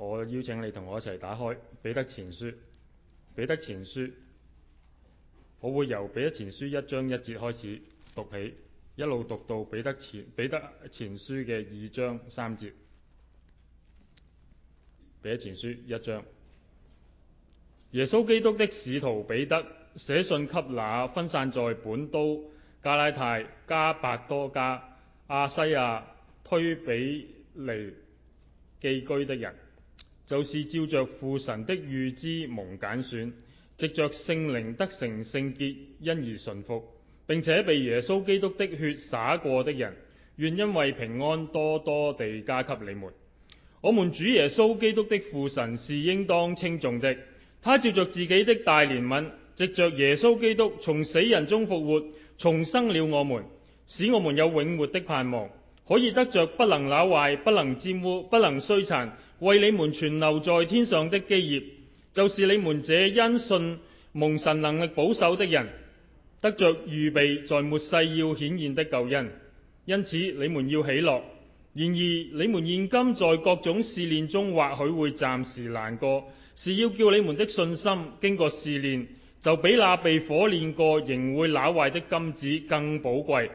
我邀請你同我一齊打開《彼得前書》。《彼得前書》，我會由《彼得前書》一章一節開始讀起，一路讀到《彼得前彼得前書》嘅二章三節。《彼得前書》一章，耶穌基督的使徒彼得寫信給那分散在本都、加拉太、加百多家、亞西亞、推比尼寄居的人。就是照着父神的預知蒙揀選，藉着聖靈得成聖潔，因而順服，並且被耶穌基督的血灑過的人，願因為平安多多地加給你們。我們主耶穌基督的父神是應當稱頌的，他照着自己的大憐憫，藉着耶穌基督從死人中復活，重生了我們，使我們有永活的盼望。可以得着不能朽壞、不能玷污、不能衰殘，為你們存留在天上的基業，就是你們這因信蒙神能力保守的人，得着預備在末世要顯現的救恩。因此你們要喜樂。然而你們現今在各種試煉中，或許會暫時難過，是要叫你們的信心經過試煉，就比那被火煉過仍會朽壞的金子更寶貴。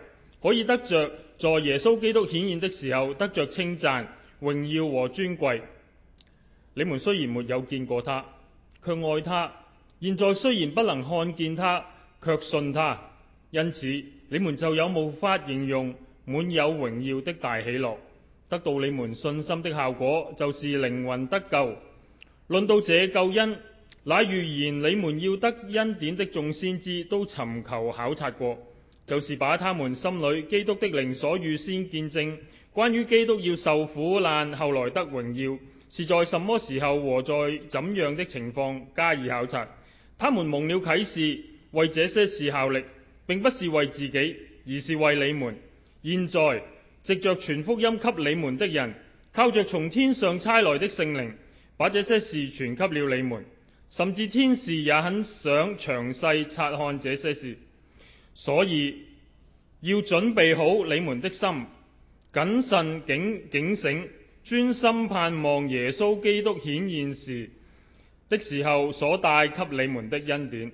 可以得着，在耶穌基督顯現的時候得着稱讚、榮耀和尊貴。你們雖然沒有見過他，却愛他；現在雖然不能看見他，却信他。因此，你們就有無法形容、滿有榮耀的大喜樂。得到你們信心的效果，就是靈魂得救。論到這救恩，乃預言你們要得恩典的眾先知都尋求考察過。就是把他們心裏基督的靈所預先見證，關於基督要受苦難後來得榮耀，是在什麼時候和在怎樣的情況加以考察。他們蒙了啟示，為這些事效力，並不是為自己，而是為你們。現在藉着傳福音給你們的人，靠着從天上差來的聖靈，把這些事傳給了你們。甚至天使也很想詳細察看這些事。所以要準備好你們的心，謹慎警警醒，專心盼望耶穌基督顯現時的時候所帶給你們的恩典。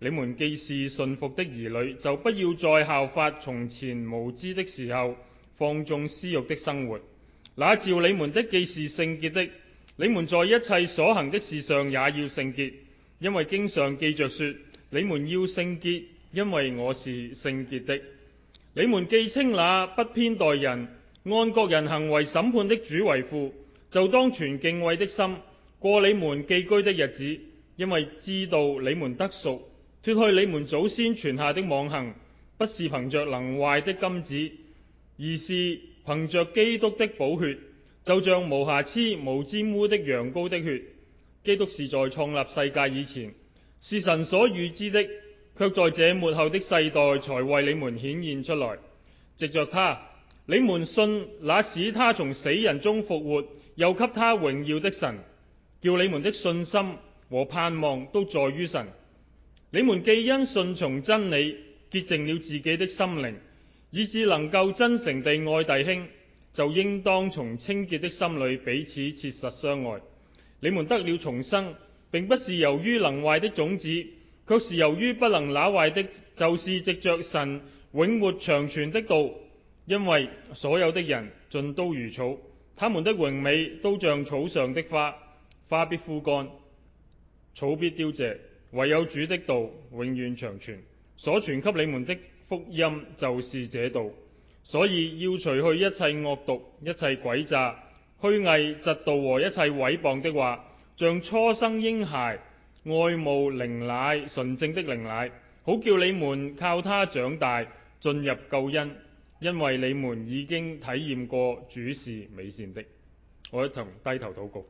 你們既是信服的兒女，就不要再效法從前無知的時候放縱私欲的生活。那照你們的既是聖潔的，你們在一切所行的事上也要聖潔，因為經上記着說：你們要聖潔。因為我是聖潔的，你們既稱那不偏待人、按各人行為審判的主為父，就當存敬畏的心過你們寄居的日子，因為知道你們得贖脱去你們祖先傳下的妄行，不是憑着能壞的金子，而是憑着基督的寶血，就像無瑕疵、無玷污的羊羔的血。基督是在創立世界以前，是神所預知的。卻在這末後的世代才為你們顯現出來。藉著他，你們信那使他從死人中復活、又給他榮耀的神，叫你們的信心和盼望都在於神。你們既因信從真理潔淨了自己的心靈，以致能夠真誠地愛弟兄，就應當從清潔的心裏彼此切實相愛。你們得了重生，並不是由於能壞的種子。卻是由於不能拿壞的，就是藉着神永活長存的道，因為所有的人盡都如草，他們的榮美都像草上的花，花必枯乾，草必凋謝，唯有主的道永遠長存。所傳給你們的福音就是這道，所以要除去一切惡毒、一切詭詐、虛偽、嫉妒和一切毀謗的話，像初生嬰孩。愛慕靈奶，純正的靈奶，好叫你們靠它長大，進入救恩，因為你們已經體驗過主是美善的。我一同低頭禱告，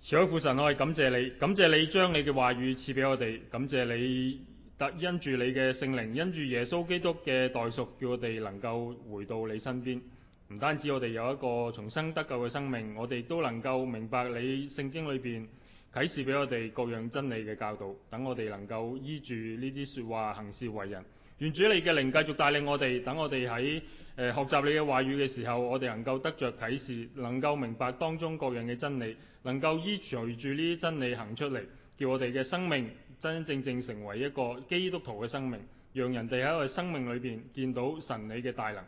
慈愛父神可以，我係感謝你，感謝你將你嘅話語賜俾我哋，感謝你特因住你嘅聖靈，因住耶穌基督嘅代贖，叫我哋能夠回到你身邊。唔單止我哋有一個重生得救嘅生命，我哋都能夠明白你聖經裏邊。啟示俾我哋各樣真理嘅教導，等我哋能夠依住呢啲說話行事為人。願主你嘅靈繼續帶領我哋，等我哋喺誒學習你嘅話語嘅時候，我哋能夠得着啟示，能夠明白當中各樣嘅真理，能夠依隨住呢啲真理行出嚟，叫我哋嘅生命真真正正成為一個基督徒嘅生命，讓人哋喺我哋生命裏邊見到神你嘅大能。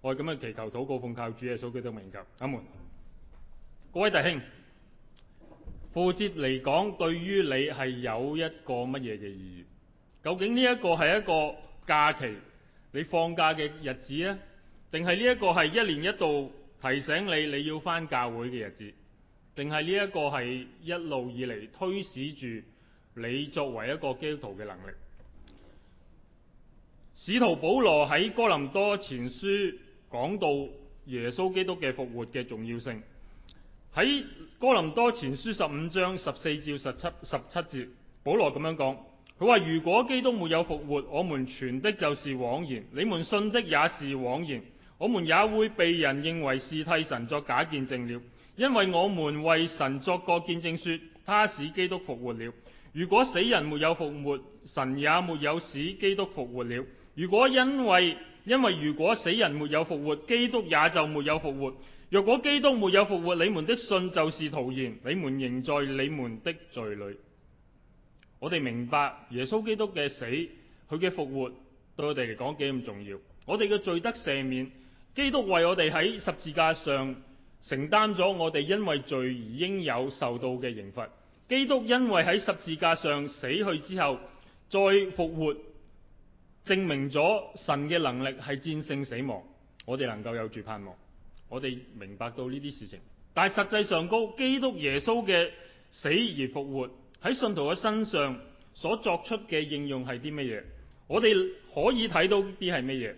我哋咁嘅祈求禱告奉，奉靠主耶穌基督嘅名求，阿門。各位弟兄。復活節嚟講，對於你係有一個乜嘢嘅意義？究竟呢一個係一個假期，你放假嘅日子啊？定係呢一個係一年一度提醒你你要返教會嘅日子？定係呢一個係一路以嚟推使住你作為一個基督徒嘅能力？使徒保羅喺哥林多前書講到耶穌基督嘅復活嘅重要性。喺哥林多前書十五章十四至十七十七節，保羅咁樣講，佢話，如果基督沒有復活，我們傳的就是枉然，你們信的也是枉然，我們也會被人認為是替神作假見證了。因為我們為神作過見證，說他使基督復活了。如果死人沒有復活，神也沒有使基督復活了。如果因為因為如果死人沒有復活，基督也就沒有復活。如果基督沒有復活，你們的信就是徒然，你們仍在你們的罪裏。我哋明白耶穌基督嘅死，佢嘅復活對我哋嚟講幾咁重要。我哋嘅罪得赦免，基督為我哋喺十字架上承擔咗我哋因為罪而應有受到嘅刑罰。基督因為喺十字架上死去之後再復活，證明咗神嘅能力係戰勝死亡，我哋能夠有住盼望。我哋明白到呢啲事情，但係實際上個，基督耶穌嘅死而復活喺信徒嘅身上所作出嘅應用係啲乜嘢？我哋可以睇到啲係乜嘢？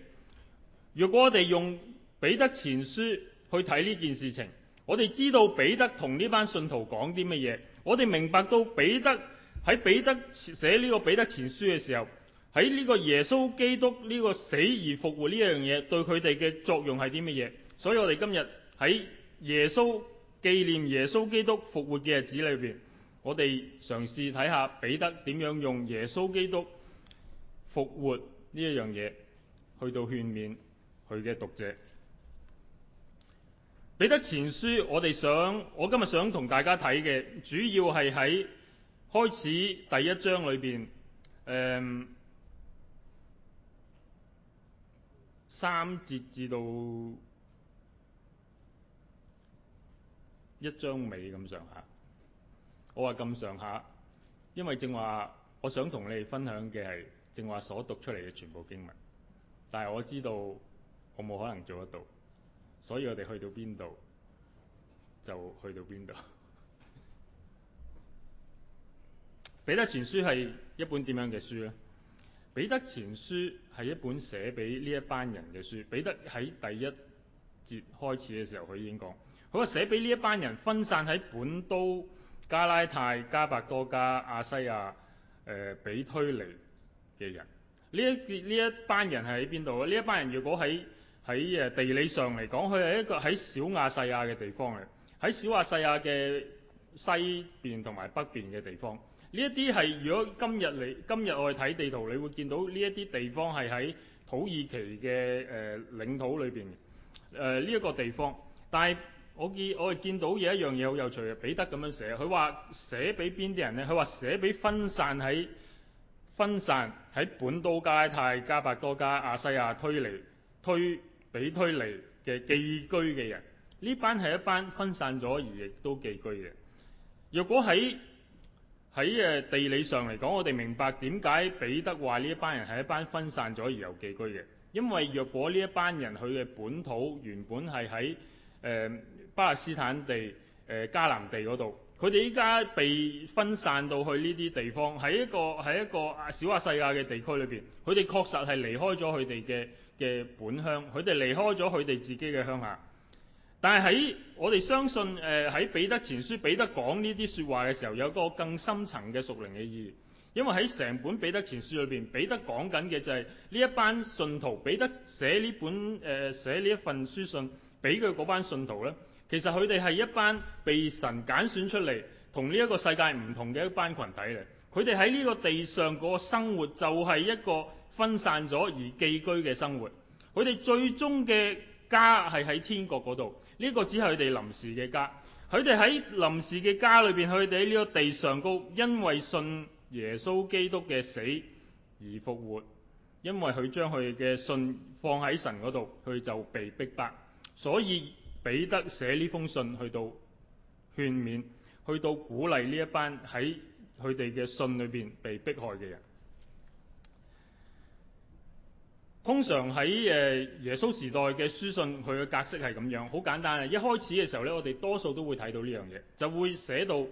如果我哋用彼得前書去睇呢件事情，我哋知道彼得同呢班信徒講啲乜嘢？我哋明白到彼得喺彼得寫呢個彼得前書嘅時候，喺呢個耶穌基督呢個死而復活呢樣嘢對佢哋嘅作用係啲乜嘢？所以我哋今日喺耶穌紀念耶穌基督復活嘅日子裏邊，我哋嘗試睇下彼得點樣用耶穌基督復活呢一樣嘢去到勸勉佢嘅讀者。彼得前書我哋想，我今日想同大家睇嘅主要係喺開始第一章裏邊，誒、嗯、三節至到。一張尾咁上下，我話咁上下，因為正話我想同你哋分享嘅係正話所讀出嚟嘅全部經文，但係我知道我冇可能做得到，所以我哋去到邊度就去到邊度。彼得前書係一本點樣嘅書呢？彼得前書係一本寫俾呢一班人嘅書。彼得喺第一節開始嘅時候，佢已經講。佢話寫俾呢一班人分散喺本都、加拉太、加伯多加、亞西亞、誒、呃、庇推尼嘅人。呢一呢一班人係喺邊度？呢一班人如果喺喺誒地理上嚟講，佢係一個喺小亞細亞嘅地方嚟，喺小亞細亞嘅西邊同埋北邊嘅地方。呢一啲係如果今日嚟，今日我哋睇地圖，你會見到呢一啲地方係喺土耳其嘅誒、呃、領土裏邊。誒呢一個地方，但係。我見我係見到有一樣嘢好有趣嘅，彼得咁樣寫，佢話寫俾邊啲人呢？佢話寫俾分散喺分散喺本都、加拉太、加帕多家、亞西亞推離、推尼、推、庇推尼嘅寄居嘅人。呢班係一班分散咗而亦都寄居嘅。若果喺喺誒地理上嚟講，我哋明白點解彼得話呢一班人係一班分散咗而又寄居嘅，因為若果呢一班人佢嘅本土原本係喺誒。呃巴勒斯坦地、誒、呃、加南地嗰度，佢哋依家被分散到去呢啲地方，喺一個喺一個小亞細亞嘅地區裏邊，佢哋確實係離開咗佢哋嘅嘅本鄉，佢哋離開咗佢哋自己嘅鄉下。但係喺我哋相信，誒、呃，喺彼得前書彼得講呢啲說話嘅時候，有個更深層嘅屬靈嘅意義，因為喺成本彼得前書裏邊，彼得講緊嘅就係、是、呢一班信徒，彼得寫呢本誒、呃、寫呢一份書信俾佢嗰班信徒咧。其實佢哋係一班被神揀選出嚟，同呢一個世界唔同嘅一班群體嚟。佢哋喺呢個地上嗰個生活就係一個分散咗而寄居嘅生活。佢哋最終嘅家係喺天國嗰度，呢個只係佢哋臨時嘅家。佢哋喺臨時嘅家裏邊，佢哋喺呢個地上高，因為信耶穌基督嘅死而復活，因為佢將佢嘅信放喺神嗰度，佢就被逼白。所以。彼得寫呢封信去到勸勉，去到鼓勵呢一班喺佢哋嘅信裏邊被迫害嘅人。通常喺誒耶穌時代嘅書信，佢嘅格式係咁樣，好簡單啊！一開始嘅時候呢，我哋多數都會睇到呢樣嘢，就會寫到誒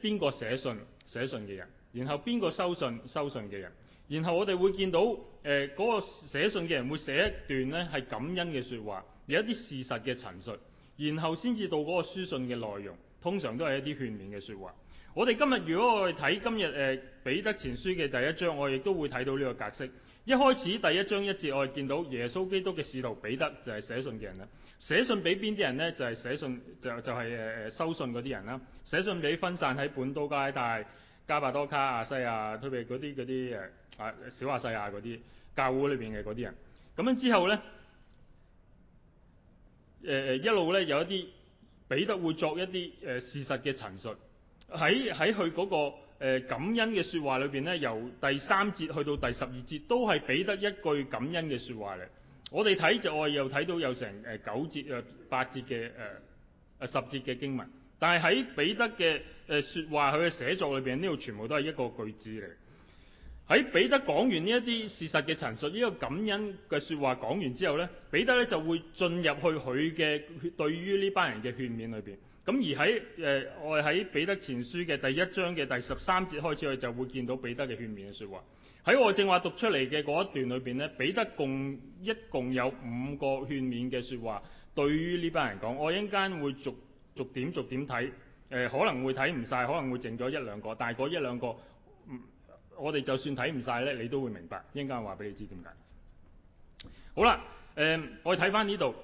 邊個寫信、寫信嘅人，然後邊個收信、收信嘅人，然後我哋會見到誒嗰、呃那個寫信嘅人會寫一段呢係感恩嘅説話。有一啲事實嘅陳述，然後先至到嗰個書信嘅內容，通常都係一啲勸勉嘅說話。我哋今日如果我去睇今日誒彼得前書嘅第一章，我亦都會睇到呢個格式。一開始第一章一節，我哋見到耶穌基督嘅使徒彼得就係寫信嘅人啦。寫信俾邊啲人呢？就係、是、寫信就就係、是呃、收信嗰啲人啦。寫信俾分散喺本都街、但加巴多卡亞西亞推庇嗰啲嗰啲啊小亞西亞小亞細亞嗰啲教會裏面嘅嗰啲人。咁樣之後呢。誒、呃、誒，一路咧有一啲彼得會作一啲誒、呃、事實嘅陳述，喺喺佢嗰個誒、呃、感恩嘅說話裏邊咧，由第三節去到第十二節，都係彼得一句感恩嘅說話嚟。我哋睇就我又睇到有成誒九節啊、呃、八節嘅誒誒十節嘅經文，但係喺彼得嘅誒、呃、說話佢嘅寫作裏邊，呢度全部都係一個句子嚟。喺彼得講完呢一啲事實嘅陳述，呢、呢個感恩嘅說話講完之後呢，彼得就會進入去佢嘅對於呢班人嘅勸勉裏面。咁而喺、呃、我喺彼得前書嘅第一章嘅第十三節開始，我就會見到彼得嘅勸勉嘅說話。喺我正話讀出嚟嘅嗰一段裏面，呢彼得共一共有五個勸勉嘅說話，對於呢班人講。我一陣間會逐逐點逐點睇，可能會睇唔晒，可能會剩咗一兩個，但係嗰一兩個。嗯我哋就算睇唔晒呢，你都會明白。一陣間話俾你知點解。好啦、呃，我睇翻呢度，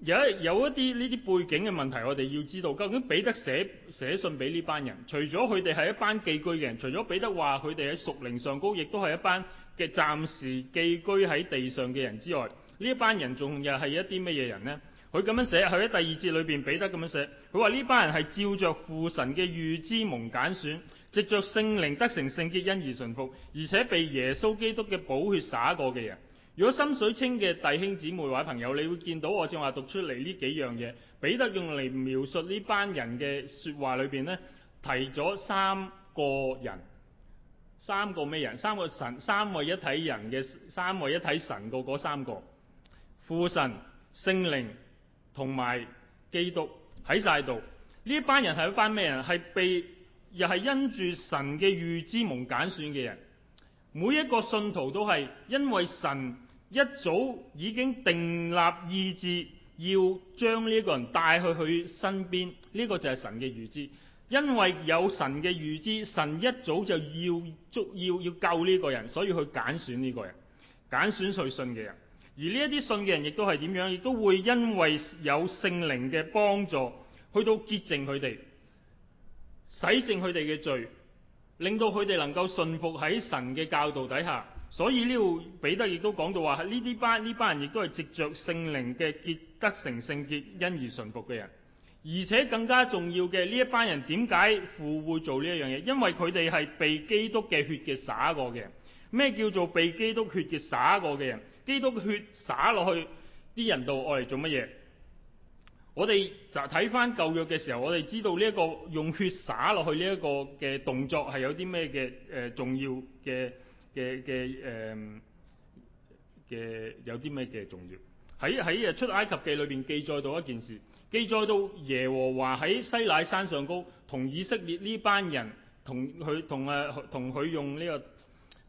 有有一啲呢啲背景嘅問題，我哋要知道究竟彼得寫寫信俾呢班人，除咗佢哋係一班寄居嘅人，除咗彼得話佢哋喺屬靈上高，亦都係一班嘅暫時寄居喺地上嘅人之外，呢一班人仲又係一啲乜嘢人呢？佢咁樣寫，佢喺第二節裏邊，彼得咁樣寫，佢話呢班人係照着父神嘅預知蒙揀選，藉着聖靈得成聖潔，因而順服，而且被耶穌基督嘅寶血灑過嘅人。如果心水清嘅弟兄姊妹或者朋友，你會見到我正話讀出嚟呢幾樣嘢，彼得用嚟描述呢班人嘅說話裏邊呢，提咗三個人，三個咩人？三個神，三位一體人嘅，三位一體神個嗰三個父神、聖靈。同埋基督喺曬度，呢班人係一班咩人？係被又係因住神嘅預知蒙揀選嘅人。每一個信徒都係因為神一早已經定立意志，要將呢個人帶去佢身邊，呢個就係神嘅預知。因為有神嘅預知，神一早就要捉要要救呢個人，所以去揀選呢個人，揀選信嘅人。而呢一啲信嘅人，亦都係點樣？亦都會因為有聖靈嘅幫助，去到潔淨佢哋、洗淨佢哋嘅罪，令到佢哋能夠信服喺神嘅教導底下。所以呢度彼得亦都講到話：呢啲班呢班人亦都係藉著聖靈嘅潔得成聖潔，因而順服嘅人。而且更加重要嘅，呢一班人點解父會做呢一樣嘢？因為佢哋係被基督嘅血嘅灑過嘅。咩叫做被基督血嘅灑過嘅人？基督血灑落去啲人度，我嚟做乜嘢？我哋就睇翻舊約嘅時候，我哋知道呢一個用血撒落去呢一個嘅動作係有啲咩嘅誒重要嘅嘅嘅誒嘅有啲咩嘅重要？喺喺誒出埃及記裏邊記載到一件事，記載到耶和華喺西乃山上高同以色列呢班人同佢同啊同佢用呢、這個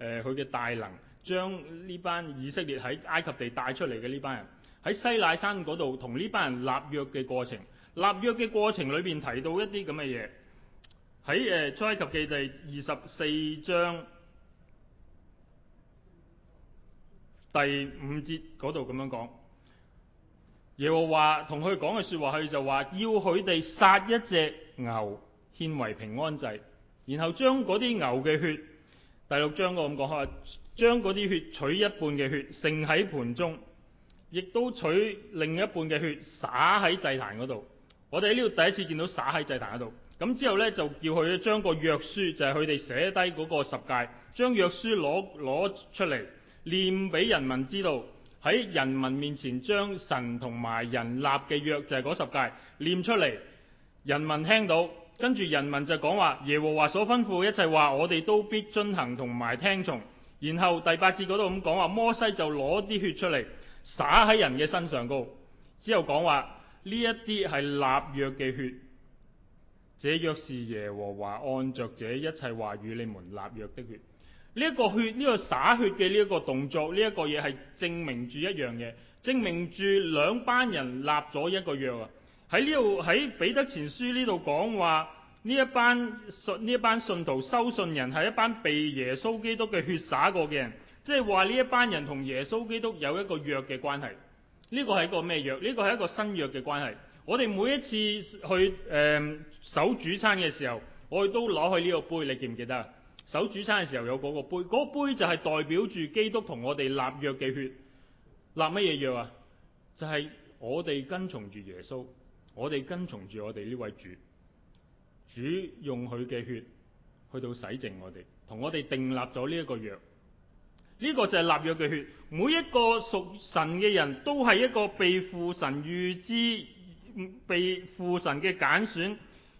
誒佢嘅大能。將呢班以色列喺埃及地帶出嚟嘅呢班人喺西奈山嗰度同呢班人立約嘅過程，立約嘅過程裏面提到一啲咁嘅嘢，喺誒《呃、出埃及記》第二十四章第五節嗰度咁樣講。耶和華同佢講嘅說話，佢就話要佢哋殺一隻牛獻為平安祭，然後將嗰啲牛嘅血，第六章我咁講。將嗰啲血取一半嘅血盛喺盤中，亦都取另一半嘅血灑喺祭壇嗰度。我哋喺呢度第一次見到灑喺祭壇嗰度。咁之後呢，就叫佢將個約書就係佢哋寫低嗰個十戒，將約書攞攞出嚟念俾人民知道。喺人民面前將神同埋人立嘅約就係嗰十戒念出嚟，人民聽到跟住人民就講話：耶和華所吩咐一切話，我哋都必遵行同埋聽從。然後第八節嗰度咁講話，摩西就攞啲血出嚟灑喺人嘅身上高，之後講話，呢一啲係立約嘅血，這約是耶和華按着這一切話與你們立約的血。呢一個血，呢個灑血嘅呢一個動作，呢一個嘢係證明住一樣嘢，證明住兩班人立咗一個約啊。喺呢度喺彼得前書呢度講話。呢一班信呢一班信徒收信人係一班被耶穌基督嘅血灑過嘅人，即係話呢一班人同耶穌基督有一個約嘅關係。呢個係一個咩約？呢個係一個新約嘅關係。我哋每一次去誒守主餐嘅時候，我哋都攞去呢個杯，你記唔記得啊？守主餐嘅時候有嗰個杯，嗰個杯就係代表住基督同我哋立約嘅血，立乜嘢約啊？就係我哋跟從住耶穌，我哋跟從住我哋呢位主。主用佢嘅血去到洗淨我哋，同我哋訂立咗呢一個約，呢個就係立約嘅血。每一個屬神嘅人都係一個被父神預知、被父神嘅揀選，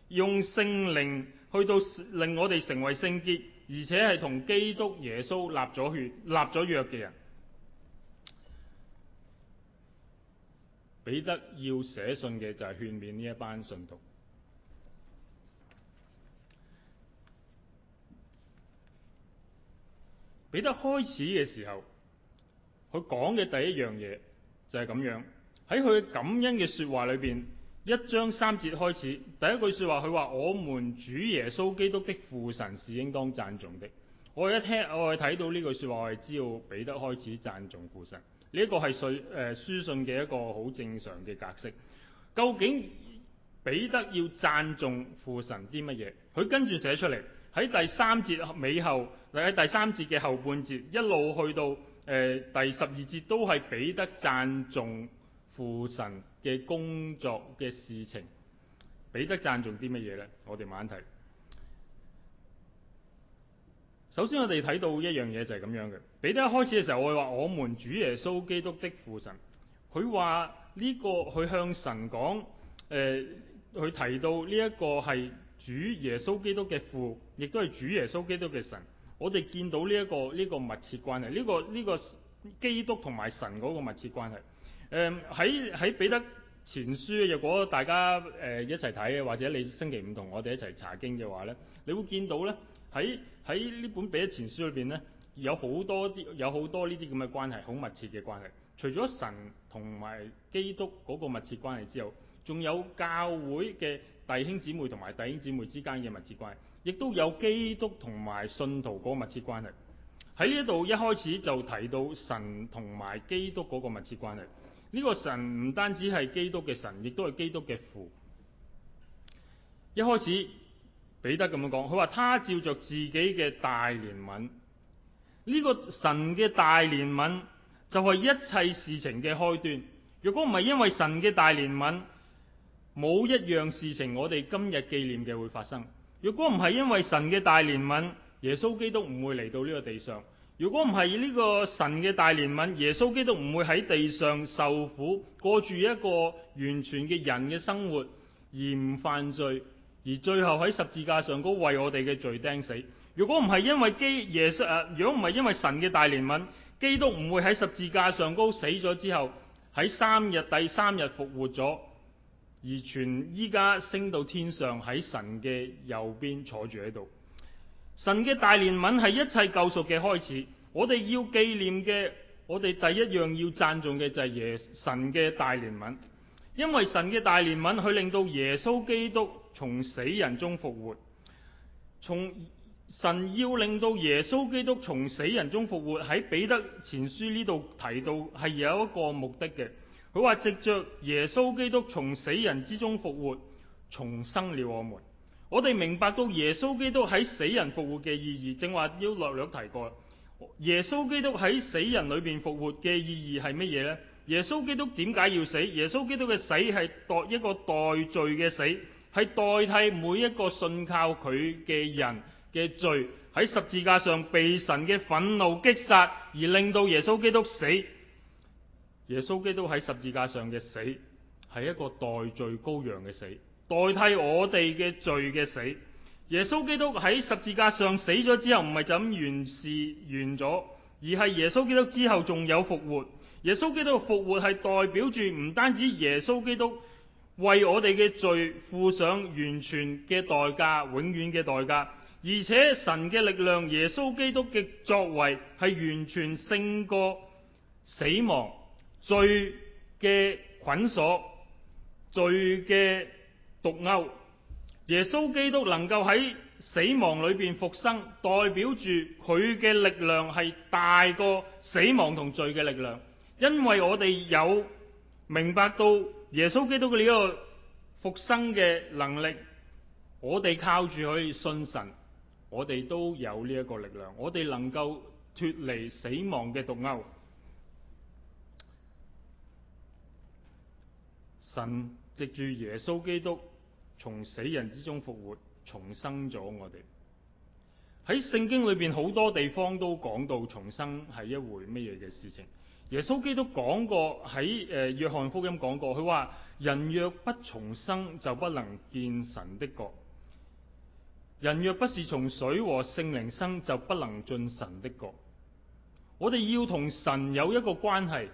用聖靈去到令我哋成為聖潔，而且係同基督耶穌立咗血、立咗約嘅人。彼得要寫信嘅就係勸勉呢一班信徒。彼得開始嘅時候，佢講嘅第一樣嘢就係咁樣。喺佢感恩嘅說話裏邊，一章三節開始，第一句話他說話佢話：我們主耶穌基督的父神是應當讚頌的。我一聽，我係睇到呢句說話，我係知道彼得開始讚頌父神。呢、這個呃、一個係信誒書信嘅一個好正常嘅格式。究竟彼得要讚頌父神啲乜嘢？佢跟住寫出嚟，喺第三節尾後。第三節嘅後半節一路去到、呃、第十二節，都係彼得讚頌父神嘅工作嘅事情。彼得讚頌啲乜嘢呢？我哋慢慢睇。首先，我哋睇到一樣嘢就係咁樣嘅。彼得一開始嘅時候，我會話：我們主耶穌基督的父神。佢話呢個佢向神講誒，佢、呃、提到呢一個係主耶穌基督嘅父，亦都係主耶穌基督嘅神。我哋見到呢一個呢個密切關係，呢個呢個基督同埋神嗰個密切關係。誒喺喺彼得前書，若果大家誒一齊睇，或者你星期五同我哋一齊查經嘅話咧，你會見到咧喺喺呢本彼得前書裏邊咧，有好多啲有好多呢啲咁嘅關係，好密切嘅關係。除咗神同埋基督嗰個密切關係之後，仲有教會嘅弟兄姊妹同埋弟兄姊妹之間嘅密切關係。亦都有基督同埋信徒嗰個密切關係。喺呢度一開始就提到神同埋基督嗰個密切關係。呢個神唔單止係基督嘅神，亦都係基督嘅父。一開始彼得咁樣講，佢話，他照着自己嘅大憐憫。呢個神嘅大憐憫就係一切事情嘅開端。如果唔係因為神嘅大憐憫，冇一樣事情我哋今日紀念嘅會發生。如果唔係因為神嘅大憐憫，耶穌基督唔會嚟到呢個地上；如果唔係呢個神嘅大憐憫，耶穌基督唔會喺地上受苦，過住一個完全嘅人嘅生活而唔犯罪，而最後喺十字架上高為我哋嘅罪釘死。如果唔係因為基耶穌誒，如果唔係因為神嘅大憐憫，基督唔會喺十字架上高死咗之後喺三日第三日復活咗。而全依家升到天上，喺神嘅右邊坐住喺度。神嘅大憐憫係一切救贖嘅開始。我哋要紀念嘅，我哋第一樣要讚頌嘅就係耶神嘅大憐憫，因為神嘅大憐憫，佢令到耶穌基督從死人中復活。從神要令到耶穌基督從死人中復活喺彼得前書呢度提到係有一個目的嘅。佢話藉着耶穌基督從死人之中復活，重生了我們。我哋明白到耶穌基督喺死人復活嘅意義，正話要略略提過。耶穌基督喺死人裏邊復活嘅意義係乜嘢呢？耶穌基督點解要死？耶穌基督嘅死係代一個代罪嘅死，係代替每一個信靠佢嘅人嘅罪，喺十字架上被神嘅憤怒擊殺，而令到耶穌基督死。耶穌基督喺十字架上嘅死，係一個代罪羔羊嘅死，代替我哋嘅罪嘅死。耶穌基督喺十字架上死咗之後，唔係就咁完事完咗，而係耶穌基督之後仲有復活。耶穌基督嘅復活係代表住唔單止耶穌基督為我哋嘅罪付上完全嘅代價、永遠嘅代價，而且神嘅力量、耶穌基督嘅作為係完全勝過死亡。罪嘅捆鎖，罪嘅毒鈎，耶穌基督能夠喺死亡裏邊復生，代表住佢嘅力量係大過死亡同罪嘅力量。因為我哋有明白到耶穌基督嘅呢個復生嘅能力，我哋靠住佢信神，我哋都有呢一個力量，我哋能夠脫離死亡嘅毒鈎。神藉住耶穌基督從死人之中復活，重生咗我哋。喺聖經裏邊好多地方都講到重生係一回乜嘢嘅事情。耶穌基督講過喺誒，約翰福音講過，佢話人若不重生就不能見神的國。人若不是從水和聖靈生就不能進神的國。我哋要同神有一個關係。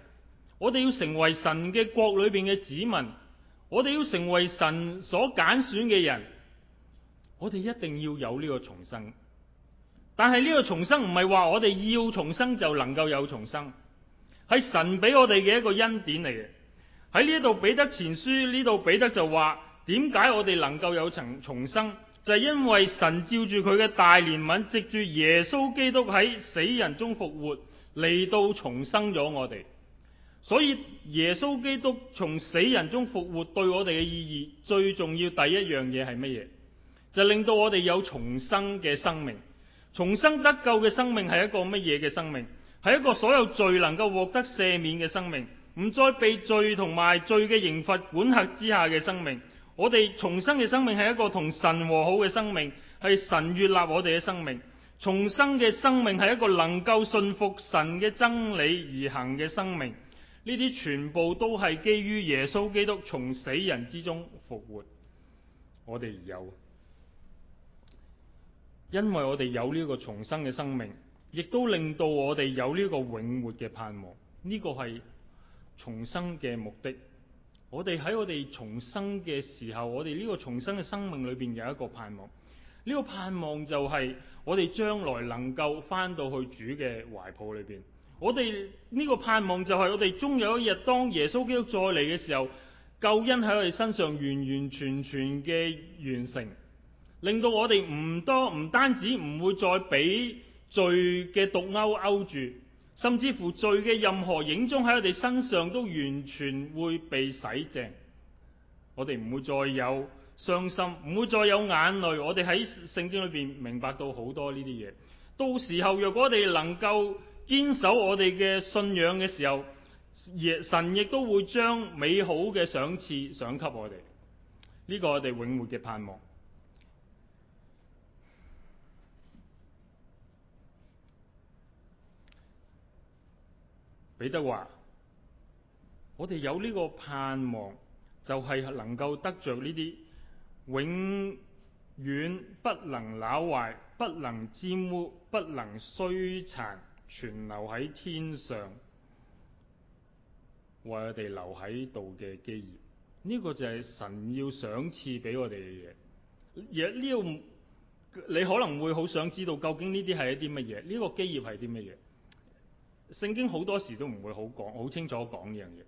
我哋要成為神嘅國裏邊嘅子民，我哋要成為神所揀選嘅人，我哋一定要有呢個重生。但係呢個重生唔係話我哋要重生就能夠有重生，係神俾我哋嘅一個恩典嚟嘅。喺呢度彼得前書呢度彼得就話：點解我哋能夠有重重生？就係、是、因為神照住佢嘅大憐憫，藉住耶穌基督喺死人中復活嚟到重生咗我哋。所以耶穌基督從死人中復活對我哋嘅意義，最重要第一樣嘢係乜嘢？就令到我哋有重生嘅生命。重生得救嘅生命係一個乜嘢嘅生命？係一個所有罪能夠獲得赦免嘅生命，唔再被罪同埋罪嘅刑罰管轄之下嘅生命。我哋重生嘅生命係一個同神和好嘅生命，係神悅納我哋嘅生命。重生嘅生命係一個能夠信服神嘅真理而行嘅生命。呢啲全部都係基於耶穌基督從死人之中復活，我哋有，因為我哋有呢個重生嘅生命，亦都令到我哋有呢個永活嘅盼望。呢個係重生嘅目的。我哋喺我哋重生嘅時候，我哋呢個重生嘅生命裏邊有一個盼望。呢個盼望就係我哋將來能夠返到去主嘅懷抱裏邊。我哋呢個盼望就係我哋終有一日，當耶穌基督再嚟嘅時候，救恩喺我哋身上完完全全嘅完成，令到我哋唔多唔單止唔會再俾罪嘅毒勾勾住，甚至乎罪嘅任何影蹤喺我哋身上都完全會被洗淨。我哋唔會再有傷心，唔會再有眼淚。我哋喺聖經裏邊明白到好多呢啲嘢。到時候若果我哋能夠，堅守我哋嘅信仰嘅時候，神亦都會將美好嘅賞賜賞給我哋。呢個我哋永活嘅盼望。彼得話：我哋有呢個盼望，就係、是、能夠得着呢啲永遠不能朽壞、不能沾污、不能衰殘。存留喺天上，為我哋留喺度嘅基業，呢個就係神要賞賜俾我哋嘅嘢。若呢度，你可能會好想知道究竟呢啲係一啲乜嘢？呢個基業係啲乜嘢？聖經好多時都唔會好講，好清楚講呢樣嘢。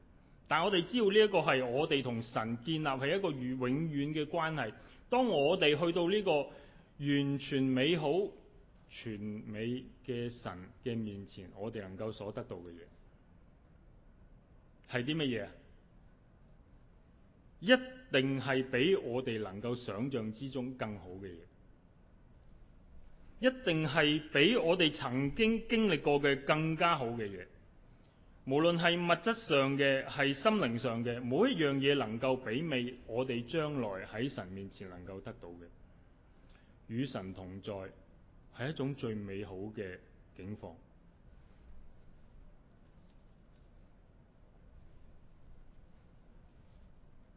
但係我哋知道呢一個係我哋同神建立係一個永永遠嘅關係。當我哋去到呢個完全美好，全美嘅神嘅面前，我哋能夠所得到嘅嘢，係啲乜嘢？一定係比我哋能夠想象之中更好嘅嘢，一定係比我哋曾經經歷過嘅更加好嘅嘢。無論係物質上嘅，係心靈上嘅，每一樣嘢能夠媲美我哋將來喺神面前能夠得到嘅，與神同在。係一種最美好嘅境況。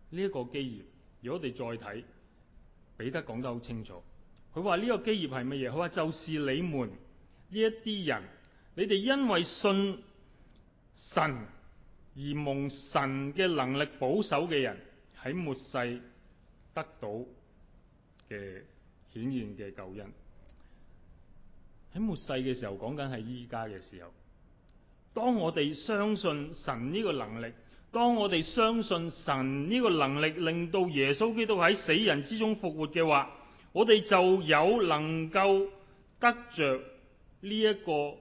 呢一個基業，如果我哋再睇，彼得講得好清楚。佢話呢個基業係乜嘢？佢話就是你們呢一啲人，你哋因為信神而蒙神嘅能力保守嘅人，喺末世得到嘅顯現嘅救恩。喺末世嘅時候，講緊係依家嘅時候。當我哋相信神呢個能力，當我哋相信神呢個能力令到耶穌基督喺死人之中復活嘅話，我哋就有能夠得着呢一個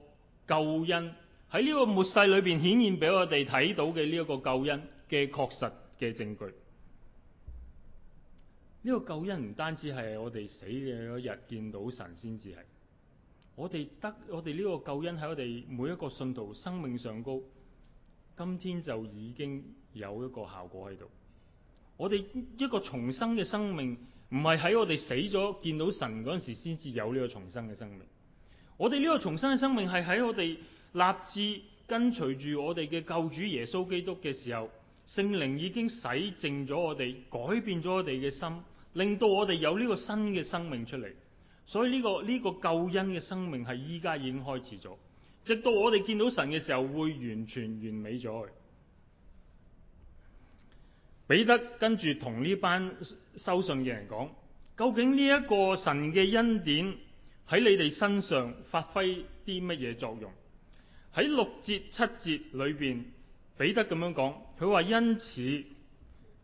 救恩喺呢個末世裏邊顯現俾我哋睇到嘅呢一個救恩嘅確實嘅證據。呢個救恩唔單止係我哋死嘅嗰日見到神先至係。我哋得我哋呢個救恩喺我哋每一個信徒生命上高，今天就已經有一個效果喺度。我哋一個重生嘅生命，唔係喺我哋死咗見到神嗰陣時先至有呢個重生嘅生命。我哋呢個重生嘅生命係喺我哋立志跟隨住我哋嘅救主耶穌基督嘅時候，聖靈已經洗淨咗我哋，改變咗我哋嘅心，令到我哋有呢個新嘅生命出嚟。所以呢、這個呢、這個救恩嘅生命係依家已經開始咗，直到我哋見到神嘅時候，會完全完美咗。佢彼得跟住同呢班收信嘅人講：究竟呢一個神嘅恩典喺你哋身上發揮啲乜嘢作用？喺六節七節裏邊，彼得咁樣講，佢話因此。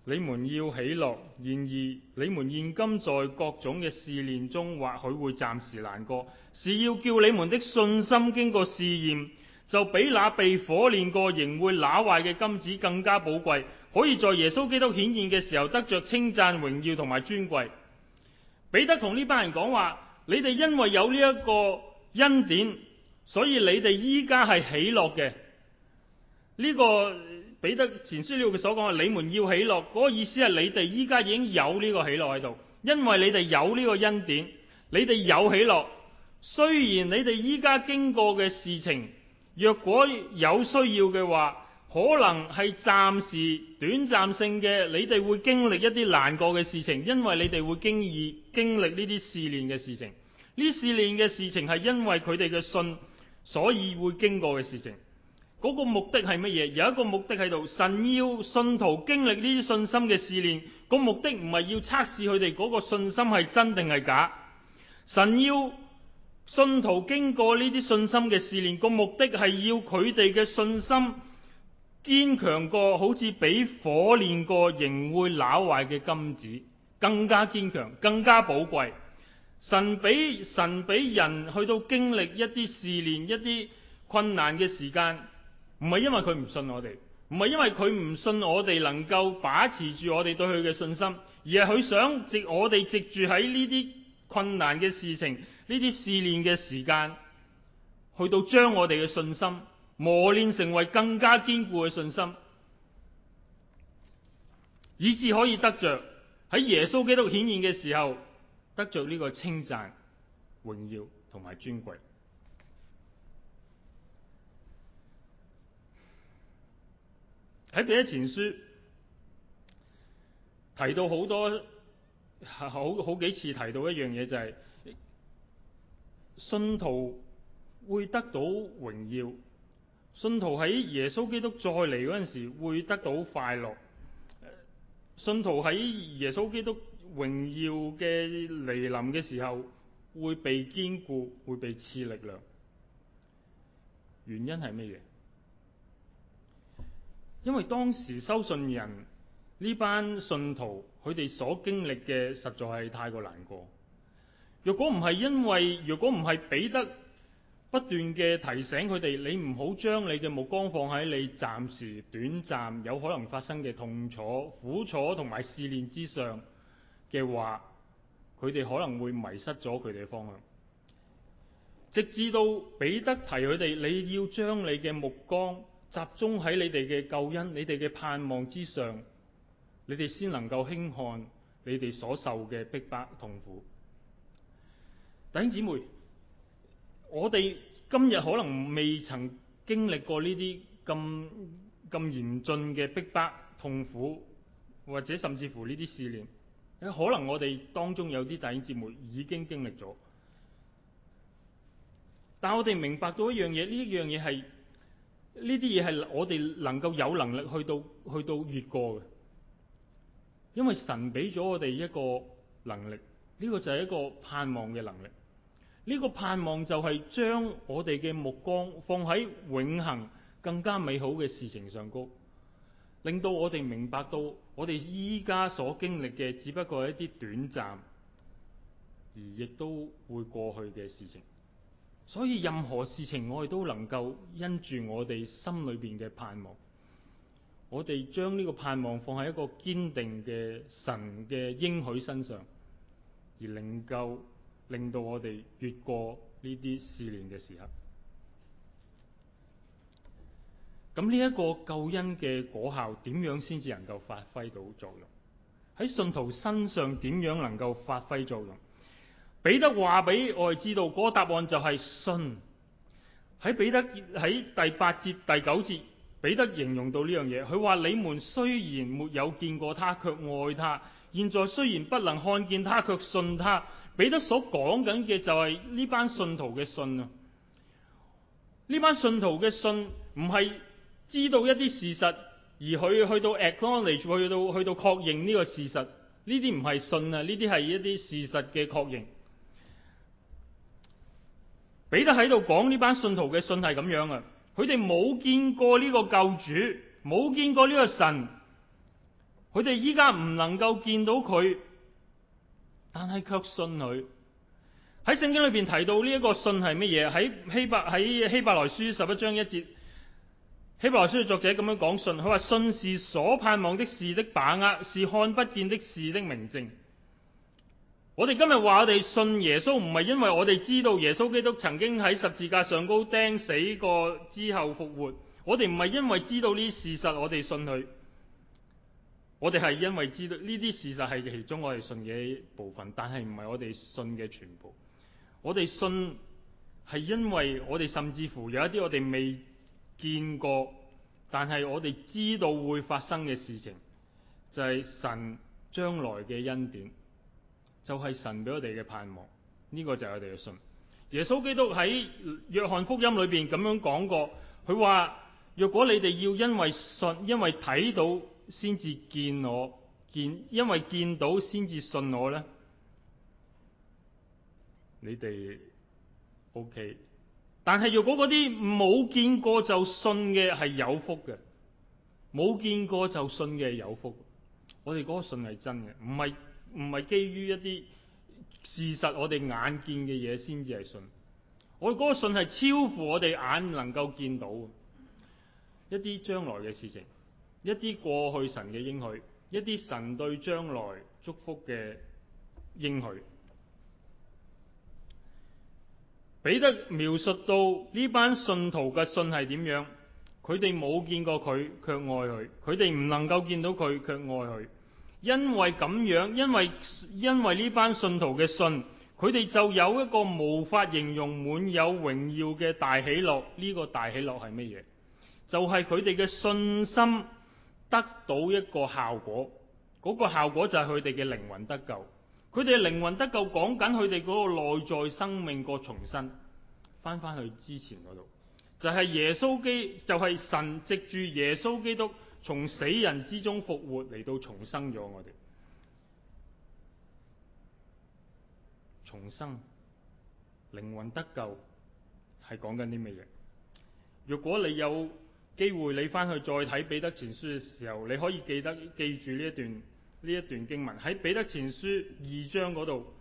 你們要喜樂，然而你們現今在各種嘅試煉中，或許會暫時難過，是要叫你們的信心經過試驗，就比那被火煉過，仍會那壞嘅金子更加寶貴，可以在耶穌基督顯現嘅時候得着稱讚、榮耀同埋尊貴。彼得同呢班人講話：你哋因為有呢一個恩典，所以你哋依家係喜樂嘅。呢個彼得前書你嘅所講係，你們要喜樂」那，嗰個意思係你哋依家已經有呢個喜樂喺度，因為你哋有呢個恩典，你哋有喜樂。雖然你哋依家經過嘅事情，若果有需要嘅話，可能係暫時短暫性嘅，你哋會經歷一啲難過嘅事情，因為你哋會經遇經歷呢啲試煉嘅事情。呢試煉嘅事情係因為佢哋嘅信，所以會經過嘅事情。嗰個目的係乜嘢？有一個目的喺度，神要信徒經歷呢啲信心嘅試煉。個目的唔係要測試佢哋嗰個信心係真定係假。神要信徒經過呢啲信心嘅試煉，個目的係要佢哋嘅信心堅強過好似俾火煉過仍會攪壞嘅金子，更加堅強，更加寶貴。神俾神俾人去到經歷一啲試煉、一啲困難嘅時間。唔係因為佢唔信我哋，唔係因為佢唔信我哋能夠把持住我哋對佢嘅信心，而係佢想我哋藉我哋藉住喺呢啲困難嘅事情，呢啲試煉嘅時間，去到將我哋嘅信心磨練成為更加堅固嘅信心，以至可以得着喺耶穌基督顯現嘅時候，得着呢個稱讚、榮耀同埋尊貴。喺彼得前書提到好多，好好幾次提到一樣嘢就係、是、信徒會得到榮耀，信徒喺耶穌基督再嚟嗰陣時候會得到快樂，信徒喺耶穌基督榮耀嘅嚟臨嘅時候會被堅固，會被賜力量，原因係乜嘢？因為當時收信人呢班信徒佢哋所經歷嘅實在係太過難過。如果唔係因為，如果唔係彼得不斷嘅提醒佢哋，你唔好將你嘅目光放喺你暫時短暫有可能發生嘅痛楚，苦楚同埋試煉之上嘅話，佢哋可能會迷失咗佢哋嘅方向，直至到彼得提佢哋，你要將你嘅目光集中喺你哋嘅救恩、你哋嘅盼望之上，你哋先能夠輕看你哋所受嘅逼迫痛苦。弟兄姊妹，我哋今日可能未曾經歷過呢啲咁咁嚴峻嘅逼迫痛苦，或者甚至乎呢啲試煉。可能我哋當中有啲弟兄姊妹已經經歷咗，但我哋明白到一樣嘢，呢一樣嘢係。呢啲嘢係我哋能夠有能力去到去到越過嘅，因為神俾咗我哋一個能力，呢個就係一個盼望嘅能力。呢個盼望就係將我哋嘅目光放喺永恒更加美好嘅事情上高，令到我哋明白到我哋依家所經歷嘅只不過係一啲短暫而亦都會過去嘅事情。所以任何事情我哋都能夠因住我哋心裏邊嘅盼望，我哋將呢個盼望放喺一個堅定嘅神嘅應許身上，而能夠令到我哋越過呢啲試煉嘅時刻。咁呢一個救恩嘅果效點樣先至能夠發揮到作用？喺信徒身上點樣能夠發揮作用？彼得話俾我哋知道，嗰、那個答案就係信。喺彼得喺第八節、第九節，彼得形容到呢樣嘢。佢話：你們雖然沒有見過他，卻愛他；現在雖然不能看見他，卻信他。彼得所講緊嘅就係呢班信徒嘅信啊！呢班信徒嘅信唔係知道一啲事實，而佢去到 acknowledge，去到去到確認呢個事實。呢啲唔係信啊！呢啲係一啲事實嘅確認。彼得喺度講呢班信徒嘅信係咁樣嘅，佢哋冇見過呢個救主，冇見過呢個神，佢哋依家唔能夠見到佢，但係卻信佢。喺聖經裏邊提到呢一個信係乜嘢？喺希伯喺希伯來書十一章一節，希伯來書嘅作者咁樣講信，佢話，信是所盼望的事的把握，是看不見的事的明證。我哋今日話我哋信耶穌，唔係因為我哋知道耶穌基督曾經喺十字架上高釘死過之後復活。我哋唔係因為知道呢事實我哋信佢，我哋係因為知道呢啲事實係其中我哋信嘅部分，但係唔係我哋信嘅全部。我哋信係因為我哋甚至乎有一啲我哋未見過，但係我哋知道會發生嘅事情，就係神將來嘅恩典。就係、是、神俾我哋嘅盼望，呢、這個就係我哋嘅信。耶穌基督喺約翰福音裏邊咁樣講過，佢話：若果你哋要因為信，因為睇到先至見我，見，因為見到先至信我呢，你哋 O K。但係若果嗰啲冇見過就信嘅係有福嘅，冇見過就信嘅係有福的。我哋嗰個信係真嘅，唔係。唔係基於一啲事實，我哋眼見嘅嘢先至係信。我嗰個信係超乎我哋眼能夠見到嘅，一啲將來嘅事情，一啲過去神嘅應許，一啲神對將來祝福嘅應許。彼得描述到呢班信徒嘅信係點樣？佢哋冇見過佢，卻愛佢；佢哋唔能夠見到佢，卻愛佢。因為咁樣，因為因為呢班信徒嘅信，佢哋就有一個無法形容滿有榮耀嘅大喜樂。呢個大喜樂係乜嘢？就係佢哋嘅信心得到一個效果。嗰個效果就係佢哋嘅靈魂得救。佢哋嘅靈魂得救講緊佢哋嗰個內在生命個重生，翻翻去之前嗰度，就係耶穌基，就係神藉住耶穌基督。從死人之中復活嚟到重生咗我哋，重生靈魂得救係講緊啲乜嘢？如果你有機會，你翻去再睇彼得前書嘅時候，你可以記得記住呢一段呢一段經文喺彼得前書二章嗰度，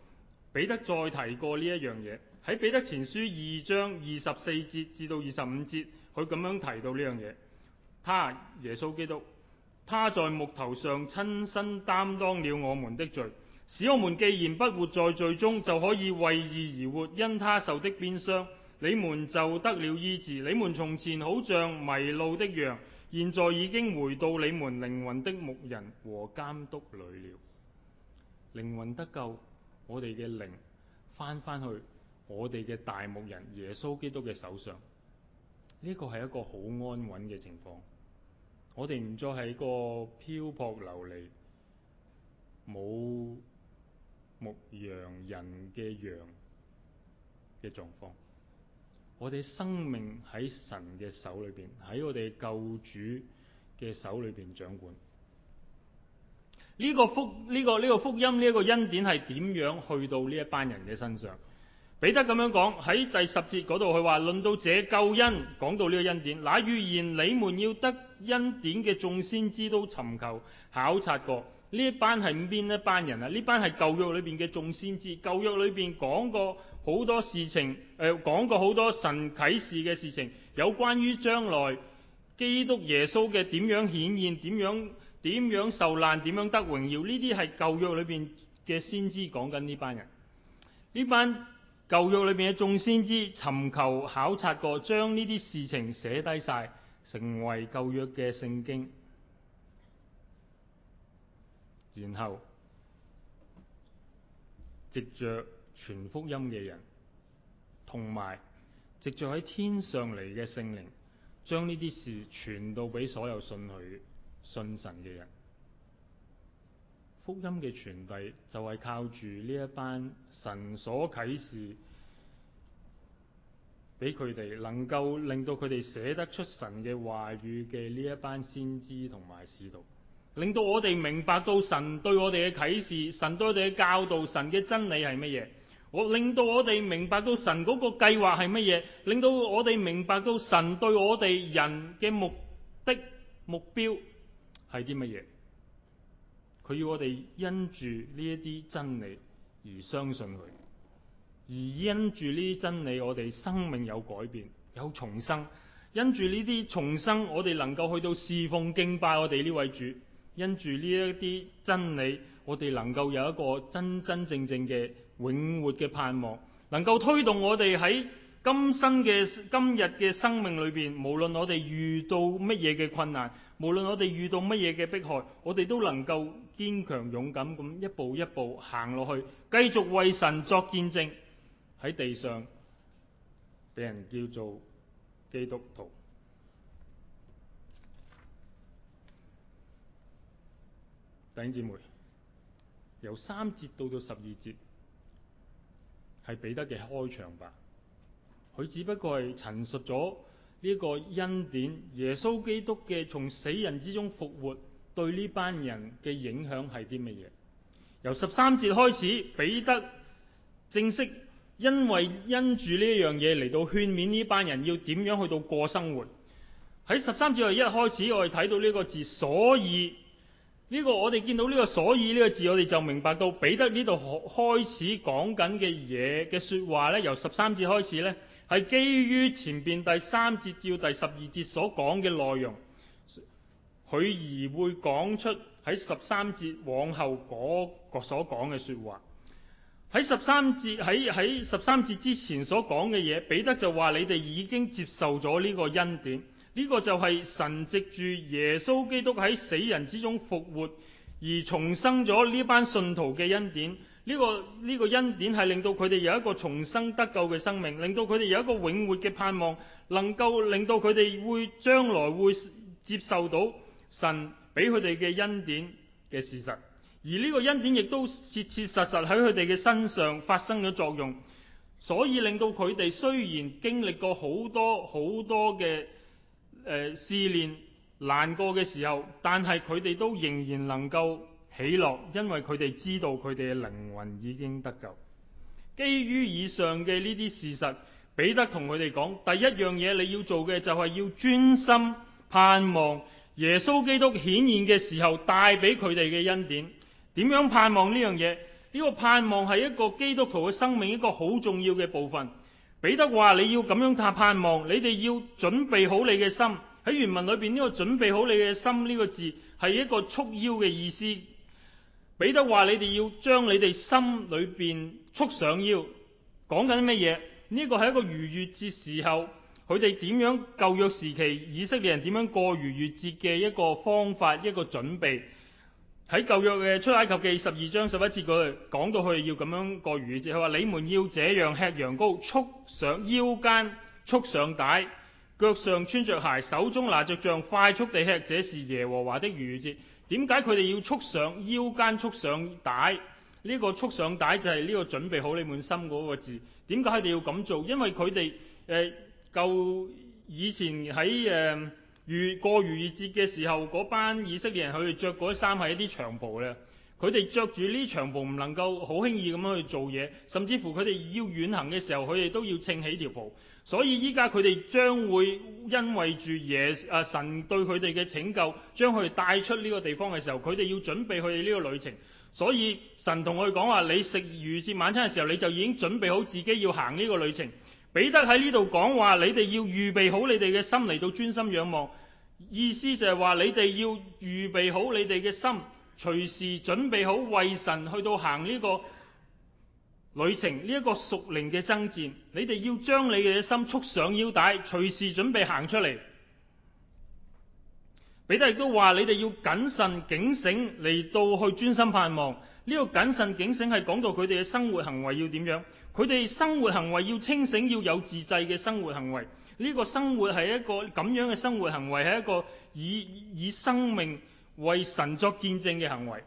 彼得再提過呢一樣嘢，喺彼得前書二章二十四節至到二十五節，佢咁樣提到呢樣嘢。他耶穌基督，他在木頭上親身擔當了我們的罪，使我們既然不活在罪中，就可以為義而，而活。因他受的鞭傷，你們就得了醫治。你們從前好像迷路的羊，現在已經回到你們靈魂的牧人和監督裡了。靈魂得救，我哋嘅靈翻翻去我哋嘅大牧人耶穌基督嘅手上，呢個係一個好安穩嘅情況。我哋唔再係個漂泊流離、冇牧羊人嘅羊嘅狀況。我哋生命喺神嘅手裏邊，喺我哋救主嘅手裏邊掌管。呢個福，呢個呢個福音呢一個恩典係點樣去到呢一班人嘅身上？彼得咁樣講喺第十節嗰度佢話：論到這救恩，講到呢個恩典，那預言你們要得。恩典嘅眾先知都尋求考察過，呢一班係邊一班人啊？呢班係舊約裏邊嘅眾先知，舊約裏邊講過好多事情，誒、呃，講過好多神啟示嘅事情，有關於將來基督耶穌嘅點樣顯現，點樣點樣受難，點樣得榮耀，呢啲係舊約裏邊嘅先知講緊呢班人，呢班舊約裏邊嘅眾先知尋求考察過，將呢啲事情寫低晒。成為舊約嘅聖經，然後藉著傳福音嘅人，同埋藉著喺天上嚟嘅聖靈，將呢啲事傳到俾所有信佢信神嘅人。福音嘅傳遞就係靠住呢一班神所啟示。俾佢哋能夠令到佢哋寫得出神嘅話語嘅呢一班先知同埋使徒，令到我哋明白到神對我哋嘅啟示，神對我哋嘅教導，神嘅真理係乜嘢？令我令到我哋明白到神嗰個計劃係乜嘢？令到我哋明白到神對我哋人嘅目的目標係啲乜嘢？佢要我哋因住呢一啲真理而相信佢。而因住呢啲真理，我哋生命有改變，有重生。因住呢啲重生，我哋能夠去到侍奉敬拜我哋呢位主。因住呢一啲真理，我哋能夠有一個真真正正嘅永活嘅盼望，能夠推動我哋喺今生嘅今日嘅生命裏邊，無論我哋遇到乜嘢嘅困難，無論我哋遇到乜嘢嘅迫害，我哋都能夠堅強勇敢咁一步一步行落去，繼續為神作見證。喺地上，畀人叫做基督徒。弟兄姊妹，由三節到到十二節係彼得嘅開場白。佢只不過係陳述咗呢個恩典耶穌基督嘅從死人之中復活對呢班人嘅影響係啲乜嘢。由十三節開始，彼得正式。因為因住呢樣嘢嚟到勸勉呢班人要點樣去到過生活，喺十三節我一開始我哋睇到呢個字，所以呢個我哋見到呢個所以呢個字，我哋就明白到彼得呢度開始講緊嘅嘢嘅說話咧，由十三節開始咧，係基於前邊第三節至第十二節所講嘅內容，佢而會講出喺十三節往後個所講嘅說話。喺十三節喺喺十三節之前所講嘅嘢，彼得就話你哋已經接受咗呢個恩典，呢個就係神藉住耶穌基督喺死人之中復活而重生咗呢班信徒嘅恩典，呢個呢個恩典係令到佢哋有一個重生得救嘅生命，令到佢哋有一個永活嘅盼望，能夠令到佢哋會將來會接受到神俾佢哋嘅恩典嘅事實。而呢個恩典亦都切切實實喺佢哋嘅身上發生咗作用，所以令到佢哋雖然經歷過好多好多嘅誒試煉難過嘅時候，但係佢哋都仍然能夠喜樂，因為佢哋知道佢哋嘅靈魂已經得救。基於以上嘅呢啲事實，彼得同佢哋講：第一樣嘢你要做嘅就係要專心盼望耶穌基督顯現嘅時候帶俾佢哋嘅恩典。點樣盼望呢樣嘢？呢個盼望係一個基督徒嘅生命一個好重要嘅部分。彼得話你要咁樣盼盼望，你哋要準備好你嘅心。喺原文裏邊呢個準備好你嘅心呢個字係一個束腰嘅意思。彼得話你哋要將你哋心裏邊束上腰。講緊咩嘢？呢個係一個逾越節時候，佢哋點樣舊約時期以色列人點樣過逾越節嘅一個方法，一個準備。喺舊約嘅出埃及記十二章十一節，佢講到佢要咁樣過逾節。佢話：你們要這樣吃羊羔，束上腰間，束上帶，腳上穿着鞋，手中拿着杖，快速地吃。這是耶和華的逾節。點解佢哋要束上腰間、束上帶？呢個束上帶就係呢個準備好你滿心嗰個字。點解佢哋要咁做？因為佢哋誒舊以前喺誒。呃如過逾越節嘅時候，嗰班以色列人佢哋着嗰啲衫係一啲長袍咧，佢哋着住呢長袍唔能夠好輕易咁樣去做嘢，甚至乎佢哋要遠行嘅時候，佢哋都要撐起條袍。所以依家佢哋將會因為住耶啊神對佢哋嘅拯救，將佢哋帶出呢個地方嘅時候，佢哋要準備去呢個旅程。所以神同佢講話：你食逾越節晚餐嘅時候，你就已經準備好自己要行呢個旅程。彼得喺呢度講話，你哋要預備好你哋嘅心嚟到專心仰望，意思就係話你哋要預備好你哋嘅心，隨時準備好為神去到行呢個旅程呢一個屬靈嘅征戰。你哋要將你嘅心束上腰帶，隨時準備行出嚟。彼得亦都話你哋要謹慎警醒嚟到去專心盼望。呢個謹慎警醒係講到佢哋嘅生活行為要點樣，佢哋生活行為要清醒，要有自制嘅生活行為。呢個生活係一個咁樣嘅生活行為，係一個以以生命為神作見證嘅行為。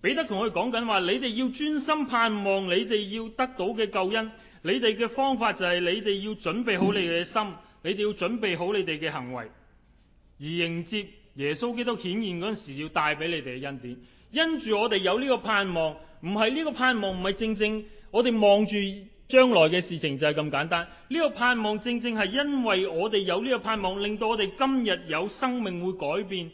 彼得同佢講緊話：，你哋要專心盼望，你哋要得到嘅救恩。你哋嘅方法就係你哋要準備好你哋嘅心，嗯、你哋要準備好你哋嘅行為，而迎接耶穌基督顯現嗰時要帶俾你哋嘅恩典。因住我哋有呢個盼望，唔係呢個盼望，唔係正正我哋望住將來嘅事情就係咁簡單。呢、呢個盼望正正係因為我哋有呢個盼望，令到我哋今日有生命會改變，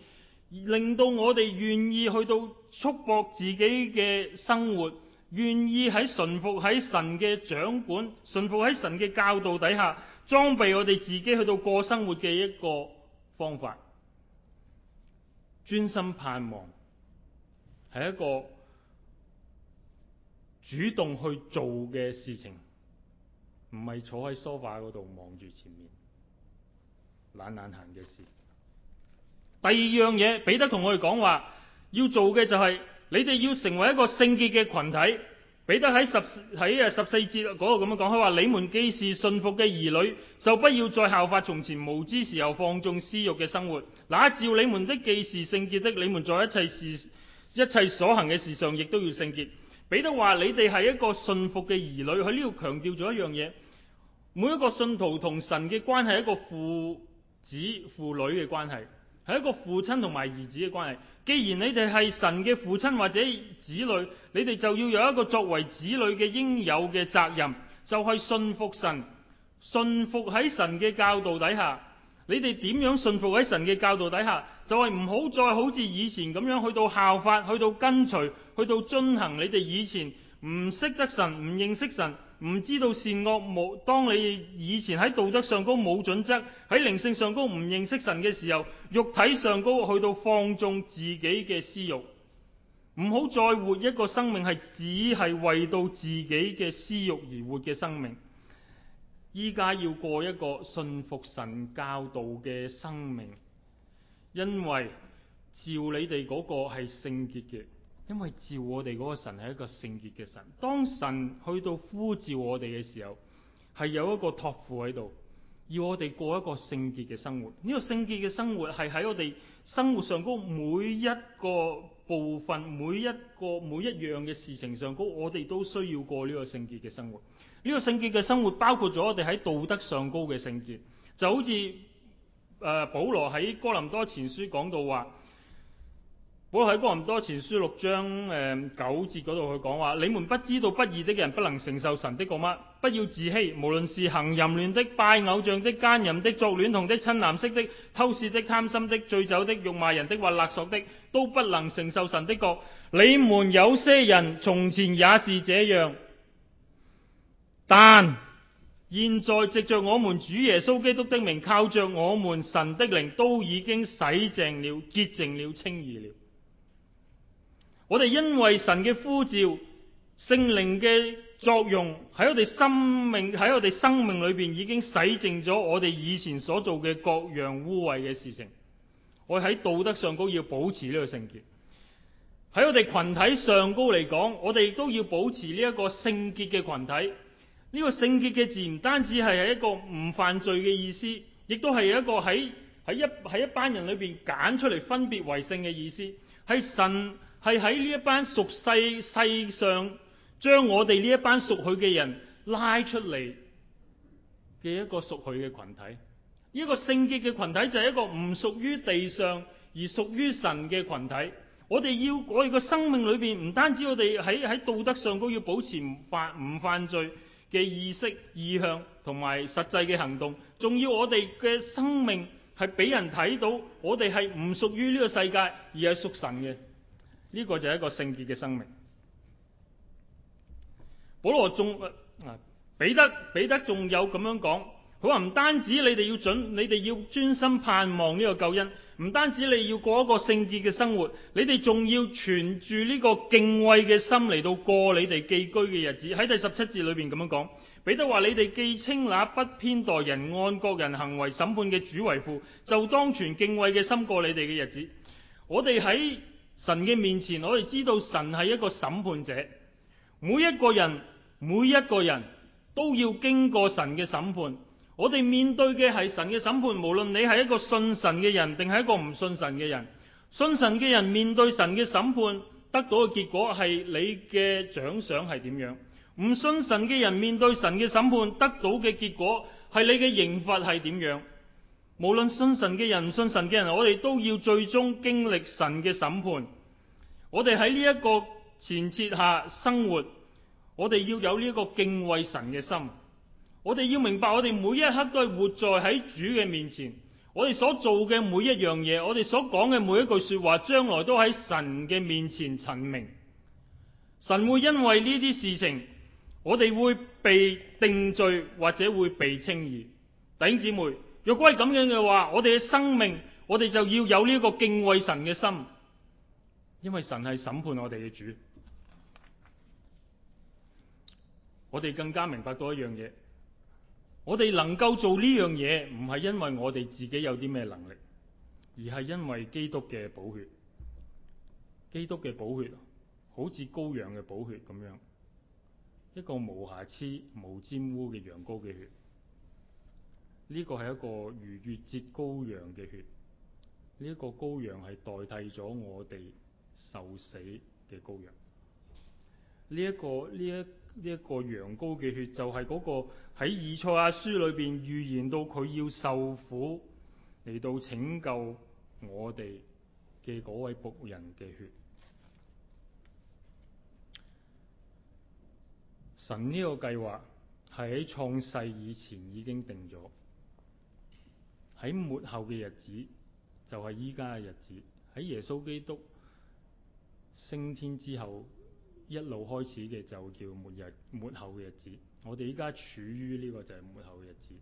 令到我哋願意去到束縛自己嘅生活，願意喺順服喺神嘅掌管，順服喺神嘅教導底下裝備我哋自己去到過生活嘅一個方法，專心盼望。係一個主動去做嘅事情，唔係坐喺梳化嗰度望住前面懶懶閒嘅事。第二樣嘢，彼得同我哋講話要做嘅就係、是、你哋要成為一個聖潔嘅群體。彼得喺十喺啊十四節嗰度咁樣講，佢話你們既是信服嘅兒女，就不要再效法從前無知時候放縱私欲嘅生活。那召你們的既是聖潔的，你們在一切事。一切所行嘅事上，亦都要聖潔。彼得話：你哋係一個信服嘅兒女，喺呢度強調咗一樣嘢。每一個信徒同神嘅關係係一個父子父女嘅關係，係一個父親同埋兒子嘅關係。既然你哋係神嘅父親或者子女，你哋就要有一個作為子女嘅應有嘅責任，就係、是、信服神，信服喺神嘅教導底下。你哋點樣順服喺神嘅教導底下？就係唔好再好似以前咁樣去到效法，去到跟隨，去到遵行你哋以前唔識得神、唔認識神、唔知道善惡。冇當你以前喺道德上高冇準則，喺靈性上高唔認識神嘅時候，肉體上高去到放縱自己嘅私欲，唔好再活一個生命係只係為到自己嘅私欲而活嘅生命。依家要過一個信服神教導嘅生命，因為召你哋嗰個係聖潔嘅，因為召我哋嗰個神係一個聖潔嘅神。當神去到呼召我哋嘅時候，係有一個託付喺度，要我哋過一個聖潔嘅生活。呢個聖潔嘅生活係喺我哋生活上高每一個部分、每一個每一樣嘅事情上高，我哋都需要過呢個聖潔嘅生活。呢、這個聖潔嘅生活包括咗我哋喺道德上高嘅聖潔，就好似誒、呃、保羅喺哥林多前書講到話，保羅喺哥林多前書六章誒、呃、九節嗰度去講話：你們不知道不義的人不能承受神的國嗎？不要自欺，無論是行淫亂的、拜偶像的、奸淫的、作孌童的、親男色的、偷竊的、貪心的、醉酒的、辱罵人的或勒索的，都不能承受神的國。你們有些人從前也是這樣。但現在藉着我們主耶穌基督的名，靠着我們神的靈，都已經洗淨了、潔淨了、稱義了。我哋因為神嘅呼召、聖靈嘅作用，喺我哋生命、喺我哋生命裏邊已經洗淨咗我哋以前所做嘅各樣污穢嘅事情。我喺道德上高要保持呢個聖潔，喺我哋群體上高嚟講，我哋亦都要保持呢一個聖潔嘅群體。呢個聖潔嘅字唔單止係一個唔犯罪嘅意思，亦都係一個喺喺一喺一班人裏邊揀出嚟分別為聖嘅意思。喺神係喺呢一班屬世世上，將我哋呢一班屬佢嘅人拉出嚟嘅一個屬佢嘅群體。呢一個聖潔嘅群體就係一個唔屬於地上而屬於神嘅群體。我哋要我哋個生命裏邊唔單止我哋喺喺道德上高要保持唔犯唔犯罪。嘅意識、意向同埋實際嘅行動，仲要我哋嘅生命係俾人睇到，我哋係唔屬於呢個世界，而係屬神嘅。呢、呢個就係一個聖潔嘅生命。保羅仲啊、呃、彼得彼得仲有咁樣講，佢話唔單止你哋要準，你哋要專心盼望呢個救恩。唔單止你要過一個聖潔嘅生活，你哋仲要存住呢個敬畏嘅心嚟到過你哋寄居嘅日子。喺第十七節裏邊咁樣講，彼得話：你哋既稱那不偏待人、按各人行為審判嘅主為父，就當存敬畏嘅心過你哋嘅日子。我哋喺神嘅面前，我哋知道神係一個審判者，每一個人每一個人都要經過神嘅審判。我哋面對嘅係神嘅審判，無論你係一個信神嘅人定係一個唔信神嘅人，信神嘅人面對神嘅審判得到嘅結果係你嘅獎賞係點樣？唔信神嘅人面對神嘅審判得到嘅結果係你嘅刑罰係點樣？無論信神嘅人唔信神嘅人，我哋都要最終經歷神嘅審判。我哋喺呢一個前設下生活，我哋要有呢一個敬畏神嘅心。我哋要明白，我哋每一刻都係活在喺主嘅面前。我哋所做嘅每一樣嘢，我哋所講嘅每一句說話，將來都喺神嘅面前陳明。神會因為呢啲事情，我哋會被定罪或者會被稱義。弟兄姊妹，若果係咁樣嘅話，我哋嘅生命，我哋就要有呢個敬畏神嘅心，因為神係審判我哋嘅主。我哋更加明白多一樣嘢。我哋能夠做呢樣嘢，唔係因為我哋自己有啲咩能力，而係因為基督嘅寶血。基督嘅寶血好似羔羊嘅寶血咁樣，一個無瑕疵、無沾污嘅羊羔嘅血。呢個係一個逾越節羔羊嘅血。呢、這、一個羔羊係代替咗我哋受死嘅羔羊。呢、這、一個呢一、這個呢一個羊羔嘅血就係嗰個喺以賽亞書裏邊預言到佢要受苦嚟到拯救我哋嘅嗰位僕人嘅血。神呢個計劃係喺創世以前已經定咗，喺末後嘅日子就係依家嘅日子，喺耶穌基督升天之後。一路開始嘅就叫末日、末後嘅日子。我哋依家處於呢個就係末後嘅日子。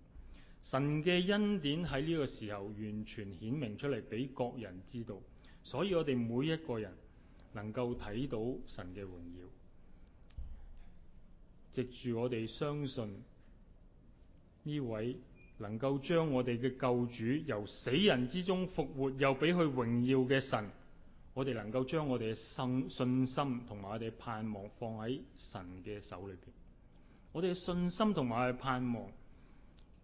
神嘅恩典喺呢個時候完全顯明出嚟，俾各人知道。所以我哋每一個人能夠睇到神嘅榮耀，藉住我哋相信呢位能夠將我哋嘅救主由死人之中復活，又俾佢榮耀嘅神。我哋能夠將我哋嘅信信心同埋我哋嘅盼望放喺神嘅手裏邊，我哋嘅信心同埋我哋嘅盼望，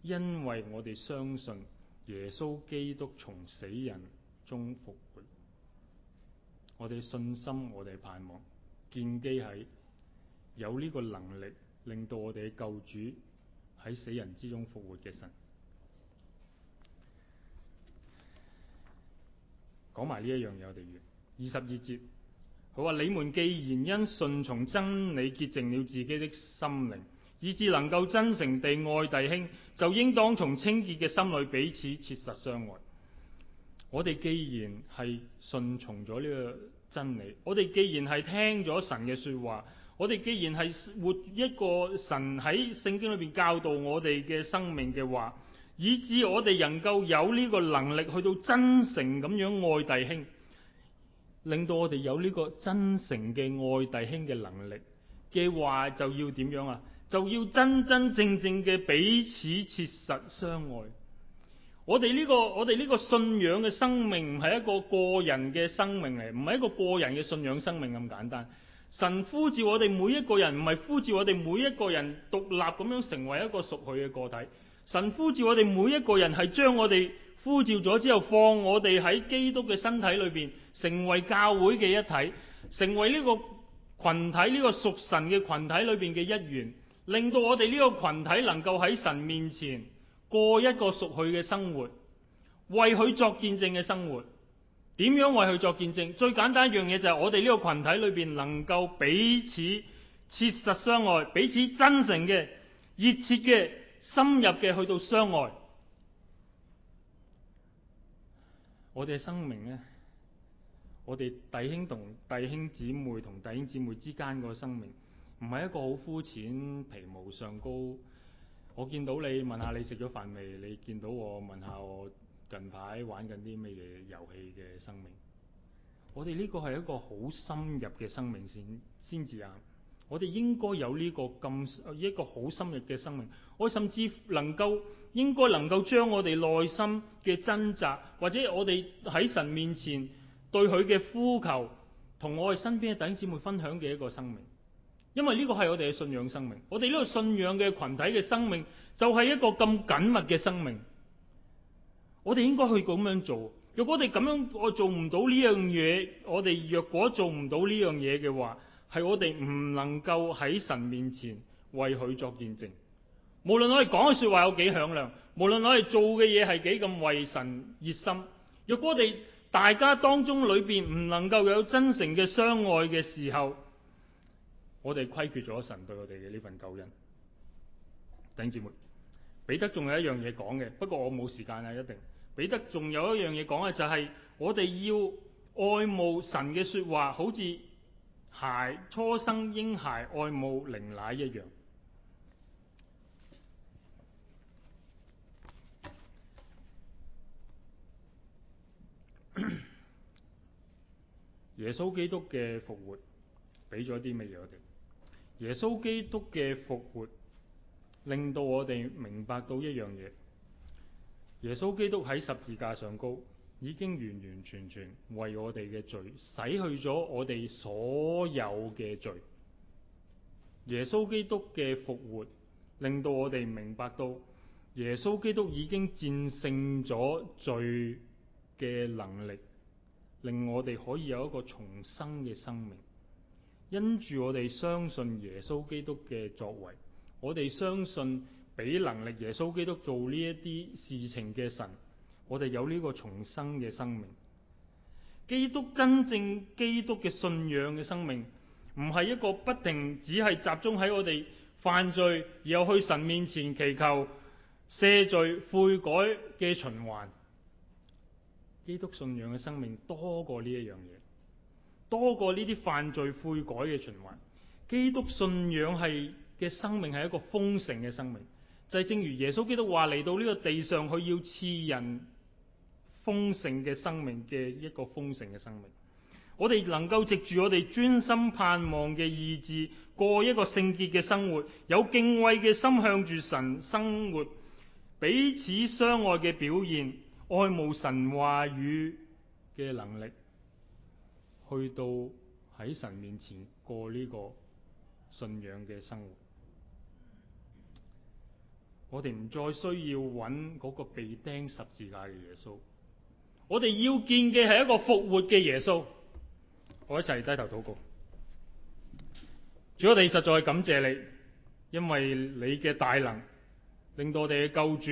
因為我哋相信耶穌基督從死人中復活，我哋嘅信心我哋嘅盼望，建基喺有呢個能力令到我哋嘅救主喺死人之中復活嘅神。講埋呢一樣嘢，我哋要。二十二節，佢話：你們既然因順從真理潔淨了自己的心靈，以致能夠真誠地愛弟兄，就應當從清潔嘅心裏彼此切實相愛。我哋既然係順從咗呢個真理，我哋既然係聽咗神嘅說話，我哋既然係活一個神喺聖經裏邊教導我哋嘅生命嘅話，以致我哋能夠有呢個能力去到真誠咁樣愛弟兄。令到我哋有呢個真誠嘅愛弟兄嘅能力嘅話，就要點樣啊？就要真真正正嘅彼此切實相愛。我哋呢個我哋呢個信仰嘅生命唔係一個個人嘅生命嚟，唔係一個個人嘅信仰生命咁簡單。神呼召我哋每一個人，唔係呼召我哋每一個人獨立咁樣成為一個屬佢嘅個體。神呼召我哋每一個人係將我哋。呼召咗之後，放我哋喺基督嘅身體裏邊，成為教會嘅一體，成為呢個群體、呢個屬神嘅群體裏邊嘅一員，令到我哋呢個群體能夠喺神面前過一個屬佢嘅生活，為佢作見證嘅生活。點樣為佢作見證？最簡單一樣嘢就係我哋呢個群體裏邊能夠彼此切實相愛，彼此真誠嘅、熱切嘅、深入嘅去到相愛。我哋嘅生命呢，我哋弟兄同弟兄姊妹同弟兄姊妹之間個生命，唔係一個好膚淺、皮毛上高。我見到你問下你食咗飯未？你見到我問下我近排玩緊啲咩嘢遊戲嘅生命。我哋呢個係一個好深入嘅生命線先至啊！我哋應該有呢個咁一個好深入嘅生命，我甚至能夠應該能夠將我哋內心嘅掙扎，或者我哋喺神面前對佢嘅呼求，同我哋身邊嘅弟兄姊妹分享嘅一個生命，因為呢個係我哋嘅信仰生命，我哋呢個信仰嘅群體嘅生命就係一個咁緊密嘅生命，我哋應該去咁樣做。若果我哋咁樣我做唔到呢樣嘢，我哋若果做唔到呢樣嘢嘅話，係我哋唔能夠喺神面前為佢作見證。無論我哋講嘅說話有幾響亮，無論我哋做嘅嘢係幾咁為神熱心，若果我哋大家當中裏邊唔能夠有真誠嘅相愛嘅時候，我哋虧缺咗神對我哋嘅呢份救恩。頂住末彼得仲有一樣嘢講嘅，不過我冇時間啊，一定彼得仲有一樣嘢講嘅就係、是、我哋要愛慕神嘅說話，好似。鞋初生嬰孩愛慕靈奶一樣。 耶穌基督嘅復活俾咗啲乜嘢我哋？耶穌基督嘅復活令到我哋明白到一樣嘢。耶穌基督喺十字架上高，已經完完全全為我哋嘅罪洗去咗我哋所有嘅罪。耶穌基督嘅復活，令到我哋明白到耶穌基督已經戰勝咗罪嘅能力，令我哋可以有一個重生嘅生命。因著我哋相信耶穌基督嘅作為，我哋相信俾能力耶穌基督做呢一啲事情嘅神。我哋有呢個重生嘅生命，基督真正基督嘅信仰嘅生命，唔係一個不停，只係集中喺我哋犯罪，然後去神面前祈求赦罪悔改嘅循環。基督信仰嘅生命多過呢一樣嘢，多過呢啲犯罪悔改嘅循環。基督信仰係嘅生命係一個豐盛嘅生命。就是、正如耶穌基督話嚟到呢個地上，去佢要賜人豐盛嘅生命嘅一個豐盛嘅生命。我哋能夠藉住我哋專心盼望嘅意志，過一個聖潔嘅生活，有敬畏嘅心向住神生活，彼此相愛嘅表現，愛慕神話語嘅能力，去到喺神面前過呢個信仰嘅生活。我哋唔再需要揾嗰個被釘十字架嘅耶穌，我哋要見嘅係一個復活嘅耶穌。我一齊低頭禱告，主，我哋實在感謝你，因為你嘅大能，令到我哋嘅救主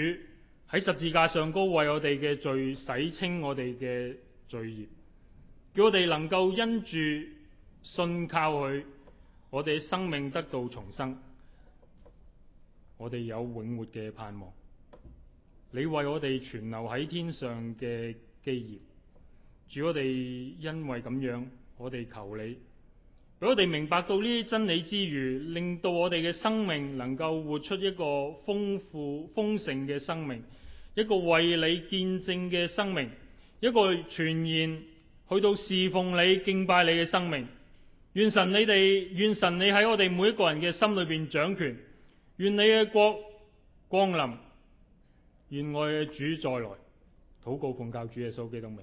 喺十字架上高為我哋嘅罪洗清我哋嘅罪孽，叫我哋能夠因住信靠佢，我哋嘅生命得到重生。我哋有永活嘅盼望，你為我哋存留喺天上嘅基業，主，我哋因為咁樣，我哋求你，俾我哋明白到呢啲真理之餘，令到我哋嘅生命能夠活出一個豐富豐盛嘅生命，一個為你見證嘅生命，一個全然，去到侍奉你敬拜你嘅生命。願神你哋，願神你喺我哋每一個人嘅心裏面掌權。願你嘅國光臨，願我嘅主再來，禱告奉救主嘅穌基督名，